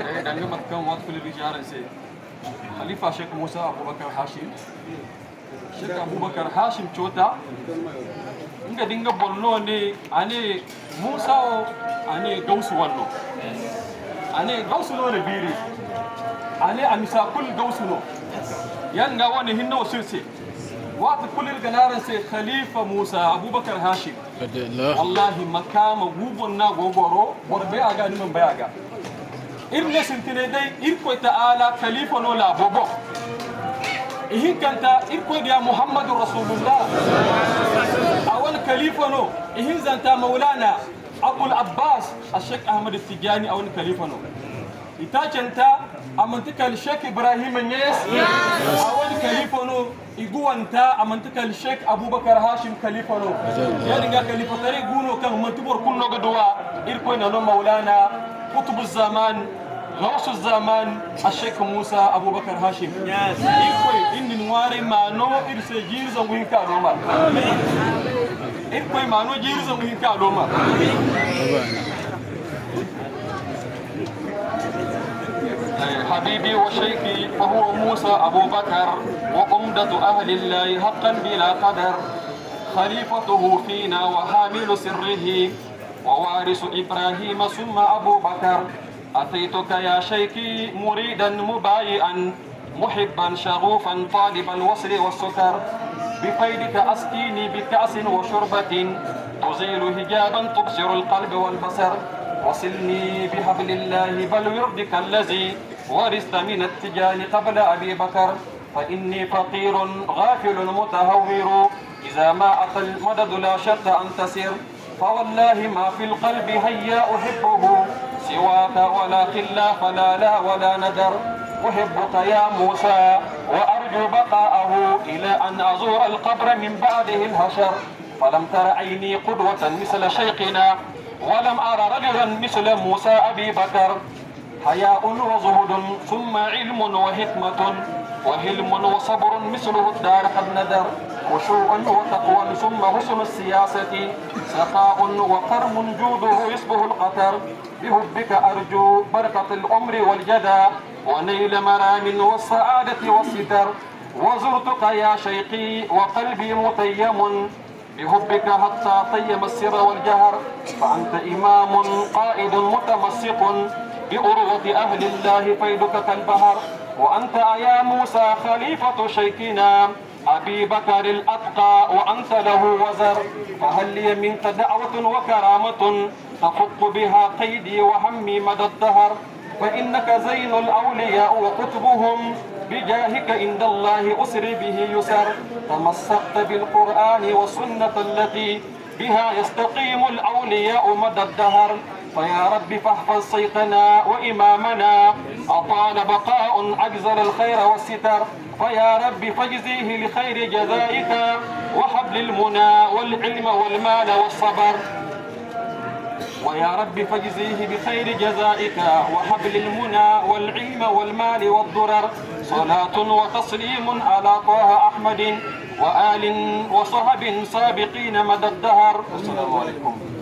ايه عندنا مكان واضح كل اللي بيجي على زيد خليفة شيخ موسى ابو بكر حاشم شيخ ابو بكر حاشم توتا انك دينك بولنو اني اني موسى اني دوس ونو اني دوس نو ربيري اني امسا كل دوس نو ينغا واني هنو سلسي وقت كل الجنارن سي خليفة موسى أبو بكر هاشم الله والله مكان أبو بنا غورو بربي أجا نمن بيا أجا إبن سنتين داي إركو تعالى خليفة نولا بوبو إيه كانتا إركو يا محمد رسول الله أول خليفة نو إيه زانتا مولانا أبو الأباس الشيخ أحمد التجاني أول خليفة نو إتا جانتا أمنتك الشيخ إبراهيم النيس أول خليفة نو إيقو أنتا أمنتك الشيخ أبو بكر هاشم خليفة نو يعني خليفة تاري قونو كان منتبور كل نوغة دواء إركو مولانا كتب الزمان نوصل الزمان الشيخ موسى أبو بكر هاشم إكوي إن نواري ما نو إرسي جيرزا وينكا دوما إكوي ما نو جيرزا وينكا دوما حبيبي وشيخي فهو موسى أبو بكر وعمدة أهل الله حقا بلا قدر خليفته فينا وحامل سره ووارث إبراهيم ثم أبو بكر أتيتك يا شيخي مريدا مبايئا محبا شغوفا طالب الوصل والسكر بقيدك أسقيني بكأس وشربة تزيل هجابا تبصر القلب والبصر وصلني بحبل الله بل يرضك الذي ورثت من التجان قبل أبي بكر فإني فقير غافل متهور إذا ما أتى المدد لا شرط أن تسر فوالله ما في القلب هيا أحبه سواك ولا لا فلا لا ولا ندر أحبك يا موسى وأرجو بقاءه إلى أن أزور القبر من بعده الهشر فلم تر عيني قدوة مثل شيخنا ولم أرى رجلا مثل موسى أبي بكر حياء وزهد ثم علم وحكمة وهلم وصبر مثله الدار قد ندر خشوع وتقوى ثم حسن السياسة سخاء وكرم جوده يسبه القطر بهبك أرجو بركة العمر والجدى ونيل مرام والسعادة والستر وزرتك يا شيقي وقلبي متيم بهبك حتى طيب السر والجهر فأنت إمام قائد متمسك بأروة أهل الله فيدك كالبهر وأنت يا موسى خليفة شيخنا أبي بكر الأتقى وأنت له وزر فهل لي منك دعوة وكرامة تفك بها قيدي وهمي مدى الدهر فإنك زين الأولياء وكتبهم بجاهك عند الله أسري به يسر تمسكت بالقرآن والسنة التي بها يستقيم الأولياء مدى الدهر فيا رب فاحفظ سيقنا وإمامنا أطال بقاء أجزل الخير والستر فيا رب فاجزيه لخير جزائك وحبل المنى والعلم والمال والصبر ويا رب فاجزيه بخير جزائك وحبل المنى والعلم والمال والضرر صلاة وتسليم على طه أحمد وآل وصحب سابقين مدى الدهر السلام عليكم